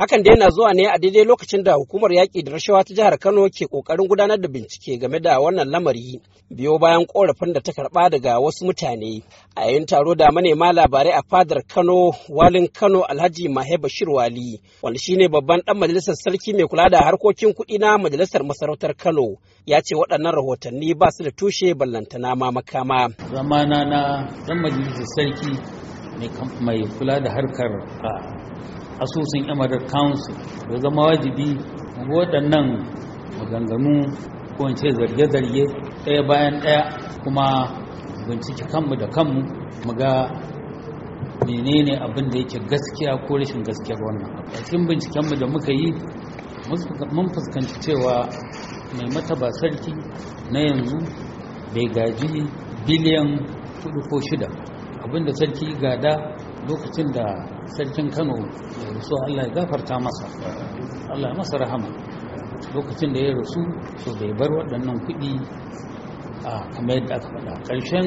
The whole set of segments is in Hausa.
Hakan dai na zuwa ne a daidai lokacin da hukumar yaƙi da rashawa ta jihar Kano ke ƙoƙarin gudanar da bincike game da wannan lamari biyo bayan ƙorafin da ta karɓa daga wasu mutane. A yayin taro da manema labarai a fadar Kano, walin Kano Alhaji Mahe Bashir Wali, wanda shine babban ɗan majalisar sarki mai kula da harkokin kuɗi na majalisar masarautar Kano, ya ce waɗannan rahotanni ba su da tushe ballantana ma makama. Zamana na ɗan majalisar sarki mai kula da harkar ah, asusun emirate council da zama wajibi waɗannan maganganu ko ce zarge-zarge ɗaya bayan ɗaya kuma bincike kanmu da kanmu mu ga menene abin da yake gaskiya ko rashin gaskiyar wannan a cikin bincikenmu da muka yi mun fuskanci cewa mai mataba sarki na yanzu bai gaji biliyan kudu ko shida abinda sarki gada lokacin da sarkin kano ya rasu allah ya gafarta masa allah masa rahama lokacin da ya rasu su bai bar waɗannan kuɗi a kamar yadda aka faɗa ƙarshen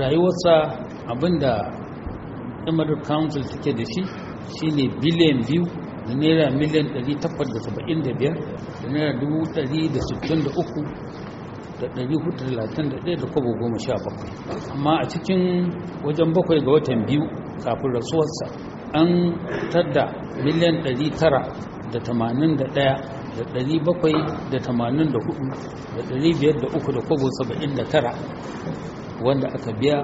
rayuwarsa abinda emirate council suke da shi shine biliyan biyu da naira miliyan 875 da naira 163 da ɗari hudu talatin da ɗaya da kwabo goma sha bakwai amma a cikin wajen bakwai ga watan biyu kafin rasuwarsa an tadda miliyan ɗari tara da tamanin da ɗaya da ɗari bakwai da tamanin da hudu da ɗari biyar da uku da kwabo saba'in da tara wanda aka biya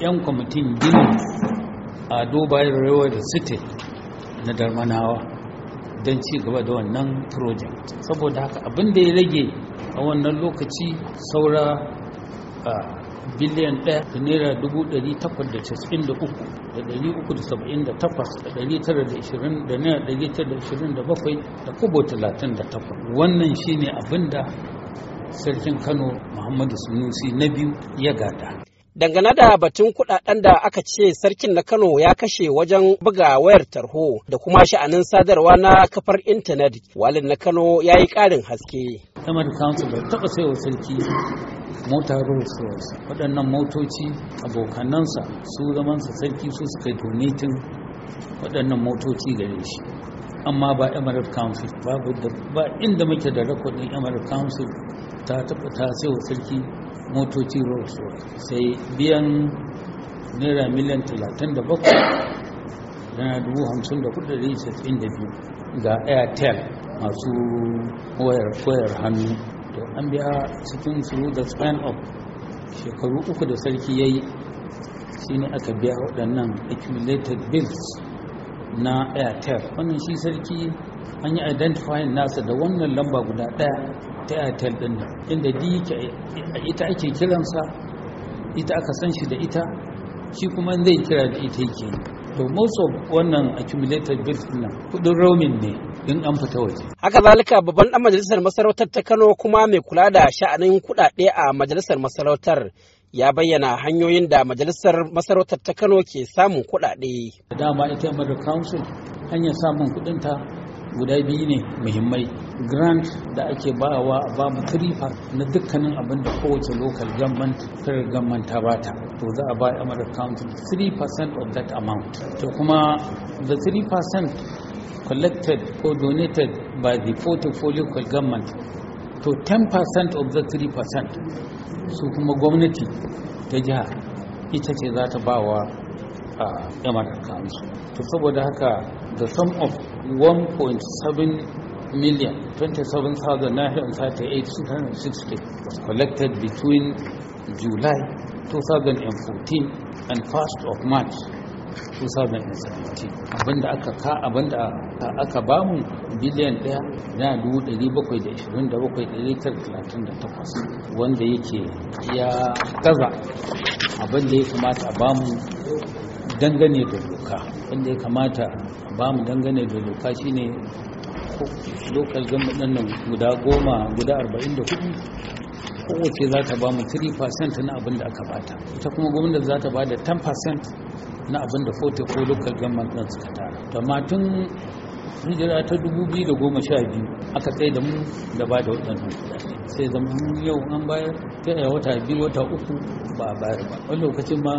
'yan kwamitin gini a dubai railway city na darmanawa don ci gaba da wannan project saboda haka abin da ya rage a wannan lokaci saura a biliyan ɗaya da naira dubu ɗari takwas da casa'in da uku da ɗari uku da saba'in da takwas da ɗari tara da ishirin da naira ɗari tara da ishirin da bakwai da kobo talatin da takwas wannan shine abin da sarkin kano muhammadu sunusi na biyu ya gada dangane da batun kudaden da aka ce sarkin na kano ya kashe wajen buga wayar tarho da kuma sha'anin sadarwa na kafar intanet walin na kano ya yi ƙarin haske sama da kansu bai taɓa sai wa sarki mota rolls royce waɗannan motoci abokanansa su zamansa sarki su suka donatin waɗannan motoci gare shi amma ba emirat council babu ba inda muke da rakodin emirat council ta taɓa ta sai wa sarki motoci rolls royce sai biyan naira miliyan 37 na 54,000 ga airtel masu wayar hannu to an biya cikin su da span up shekaru uku da sarki ya yi shi ne aka biya waɗannan accumulated bills na airtel wannan shi sarki an yi identifying nasa da wannan lamba guda ɗaya ta airtel ɗin da inda di a ita ake kiransa ita aka san shi da ita shi kuma zai kira da ita yake to most of wannan accumulated bills nan kudin roaming ne in an fita waje. Haka zalika babban ɗan majalisar masarautar ta Kano kuma mai kula da sha'anin kuɗaɗe a majalisar masarautar ya bayyana hanyoyin da majalisar masarautar ta Kano ke samun kuɗaɗe. Dama ita Mother Council hanyar samun kuɗin ta guda biyu ne muhimmai grant da ake bawa ba mu tarifa na dukkanin abin da kowace local government federal government ta bata to za a ba amurka council 3% of that amount to kuma the 3% collected or donated by the portfolio government to 10% of the 3% su kuma gwamnati ta jiha ita ce za ta ba wa amurkansu to saboda haka the sum of 1.7 million 27,938,660 was collected between july 2014 and 1st of march 2017 abinda aka ka abinda aka bamu biliyan 1 na takwas wanda yake ya gaza abinda ya kamata a bamu dangane da doka wanda ya kamata a bamu dangane da doka shine ne lokacin nan guda goma guda 44 kowace za ta ba mu 3% na abin da aka bata ita kuma gwamnati za ta ba da 10% na abin da ko local government na suka tara amma tun hijira ta 2012 aka tsaye da mu da ba da waɗannan kuɗaɗe sai zama yau an bayar ta wata biyu wata uku ba a bayar ba wani lokacin ma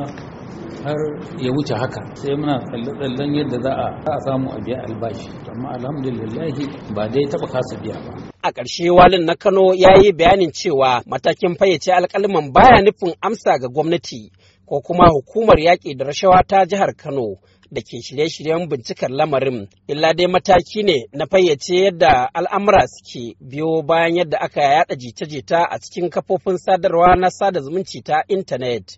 har ya wuce haka sai muna tsalle-tsallen yadda za a samu a biya albashi amma alhamdulillah ba dai taba kasa biya ba a ƙarshe walin na kano ya yi bayanin cewa matakin fayyace alƙalman baya nufin amsa ga gwamnati ko kuma hukumar yaƙi da rashawa ta jihar kano da ke shirye-shiryen bincikar lamarin illa dai mataki ne na fayyace yadda al'amura suke biyo bayan yadda aka yada jita-jita a cikin kafofin sadarwa na sada zumunci ta intanet